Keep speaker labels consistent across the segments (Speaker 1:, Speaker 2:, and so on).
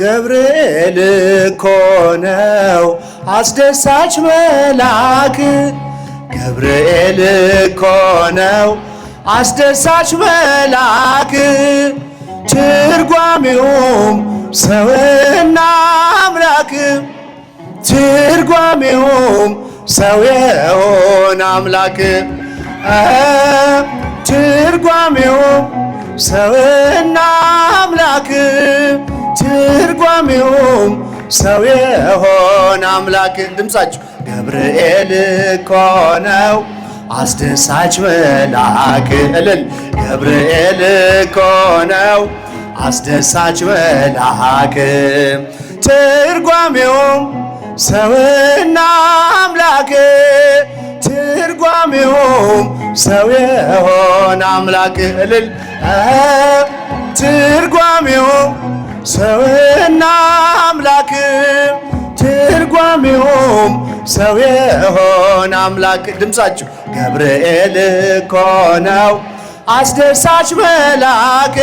Speaker 1: ገብርኤል እኮ ነው አስደሳች መልአክ ገብርኤል እኮ ነው አስደሳች መልአክ ትርጓሜውም ሰውና አምላክ ትርጓሜውም ሰው የሆን አምላክ ትርጓሜውም ሰውና አምላክ ትርጓሜውም ሰው የሆነ አምላክ ድምፃችሁ ገብርኤል እኮ ነው አስደሳች መላክ እልል ገብርኤል እኮ ነው አስደሳች መልአክ ትርጓሜውም ሰውና አምላክ ትርጓሜውም ሰው የሆነ አምላክ እልል ትርጓሜውም ሰውና አምላክ ትርጓሜውም ሰው የሆን አምላክ ድምፃችሁ ገብርኤል እኮ ነው አስደሳች መላክ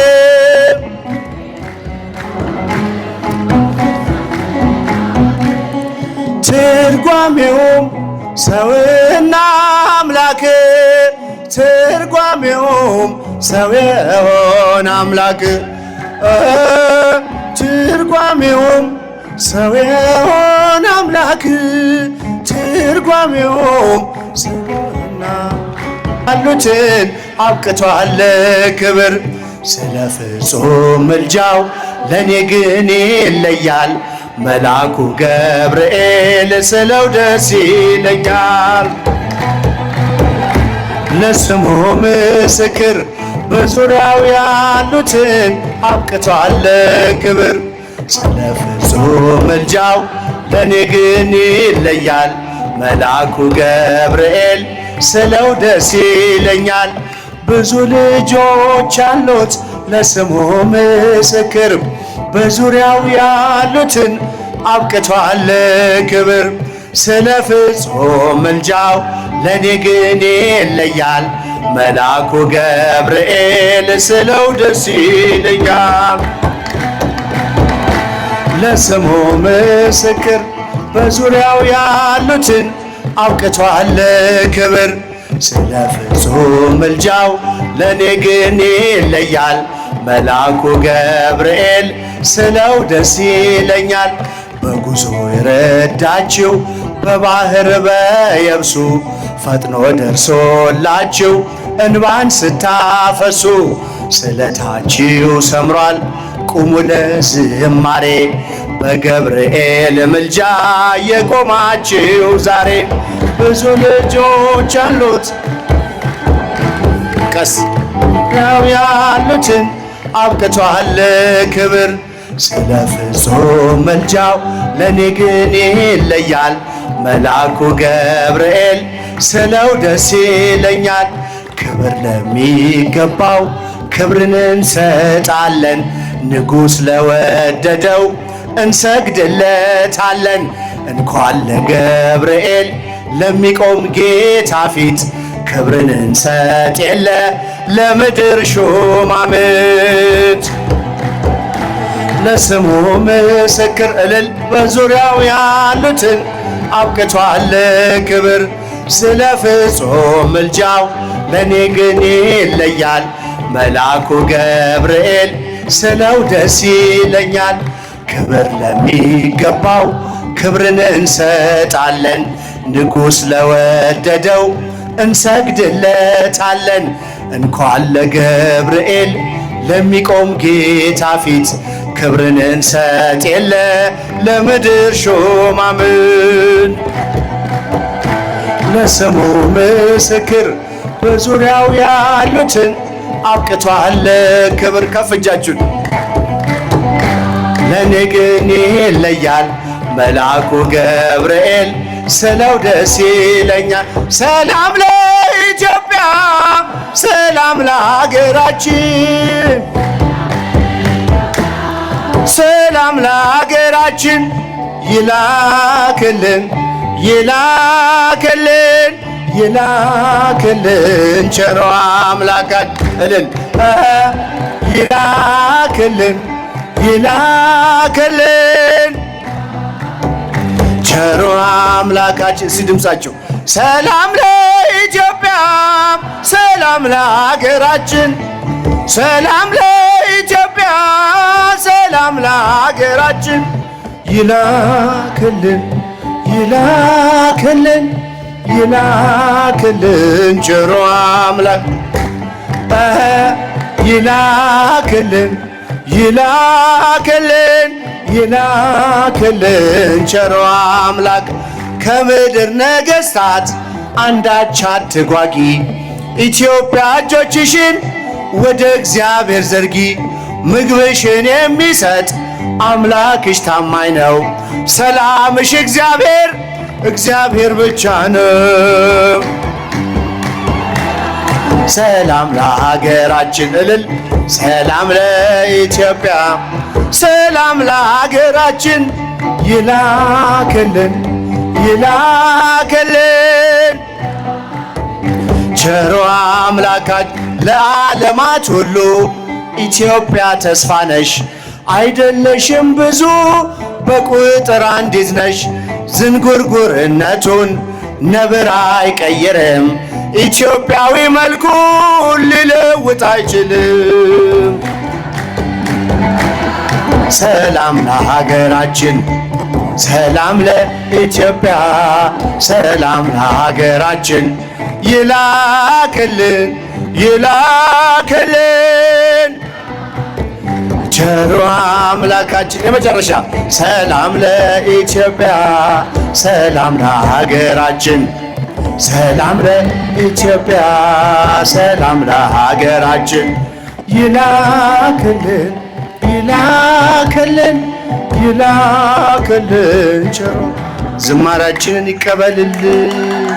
Speaker 1: ትርጓሜውም ሰውና አምላክ ትርጓሜውም ሰው የሆነ አምላክ ትርጓሜውም ሰው የሆነ አምላክ ትርጓሜውም ሰውና አሉትን አብቅቷል ክብር ስለ ፍጹም ምልጃው ለእኔ ግን ይለያል መልአኩ ገብርኤል ስለው ደስ ይለኛል ለስሙ ምስክር በዙሪያው ያሉትን አብቅቷል ክብር ስለ ፍጹም ምልጃው ለእኔ ግን ይለያል መልአኩ ገብርኤል ስለው ደስ ይለኛል ብዙ ልጆች አሉት ለስሙ ምስክር በዙሪያው ያሉትን አብቅቷል ክብር ስለ ፍጹም ምልጃው ለእኔ ግን ይለያል መልአኩ ገብርኤል ስለው ደስ ይለኛል ለስሙ ምስክር በዙሪያው ያሉትን አውቅቷል ክብር ስለ ፍጹም ምልጃው ለእኔ ግን ይለያል መልአኩ ገብርኤል ስለው ደስ ይለኛል በጉዞ የረዳችው በባህር በየብሱ ፈጥኖ ደርሶላችሁ እንባን ስታፈሱ ስለታችሁ ሰምሯል። ቁሙ ለዝማሬ በገብርኤል ምልጃ የቆማችሁ ዛሬ ብዙ ልጆች አሉት ቀስ ነው ያሉትን አብቅቷል ክብር ስለ ፍጹም መልጃው ለኔ ግን ይለያል መልአኩ ገብርኤል ስለው ደስ ይለኛል። ክብር ለሚገባው ክብርን እንሰጣለን። ንጉሥ ለወደደው እንሰግድለታለን። እንኳን ለገብርኤል ለሚቆም ጌታ ፊት ክብርን እንሰጥ የለ ለምድር ሹማምት ለስሙ ምስክር እልል በዙሪያው ያሉትን አብቅቷል ክብር ስለ ፍጹም ምልጃው ለእኔ ግን ይለያል መልአኩ ገብርኤል ስለው ደስ ይለኛል። ክብር ለሚገባው ክብርን እንሰጣለን፣ ንጉሥ ለወደደው እንሰግድለታለን። እንኳን ለገብርኤል ለሚቆም ጌታ ፊት ክብርን እንሰጥ የለ ለምድር ሹማምን ለስሙ ምስክር በዙሪያው ያሉትን አብቅቷል ክብር። ከፍ እጃችሁን። ለኔ ግን ይለያል መልአኩ ገብርኤል ስለው ደስ ይለኛል። ሰላም ለኢትዮጵያ፣ ሰላም ለሀገራችን፣ ሰላም ለሀገራችን ይላክልን ይላክልን ይላክልን ቸሮ አምላካችን ይላክልን ይላክልን ቸሮ አምላካችን እስቲ ድምፃቸው ሰላም ለኢትዮጵያ ሰላም ለሀገራችን ሰላም ለኢትዮጵያ ሰላም ለሀገራችን ይላክልን ይላክልን ይላክልን ቸሩ አምላክ ይላክልን ይላክልን ይላክልን ቸሩ አምላክ ከምድር ነገሥታት አንዳች አትጓጊ፣ ኢትዮጵያ እጆችሽን ወደ እግዚአብሔር ዘርጊ ምግብሽን የሚሰጥ አምላክሽ ታማኝ ነው። ሰላምሽ እግዚአብሔር እግዚአብሔር ብቻ ነው። ሰላም ለሀገራችን እልል፣ ሰላም ለኢትዮጵያ፣ ሰላም ለሀገራችን ይላክልን ይላክልን ቸሮ አምላካች ለዓለማት ሁሉ ኢትዮጵያ ተስፋ ነሽ። አይደለሽም ብዙ በቁጥር አንዲት ነሽ። ዝንጉርጉርነቱን ነብር አይቀይርም። ኢትዮጵያዊ መልኩን ሊለውጥ አይችልም። ሰላም ለሀገራችን፣ ሰላም ለኢትዮጵያ፣ ሰላም ለሀገራችን ይላክልን ይላክልን ቸሩ አምላካችን የመጨረሻ ሰላም ለኢትዮጵያ፣ ሰላም ለሀገራችን፣ ሰላም ለኢትዮጵያ፣ ሰላም ለሀገራችን ይላክልን ይላክልን ይላክልን ቸሩ ዝማሬያችንን ይቀበልልን።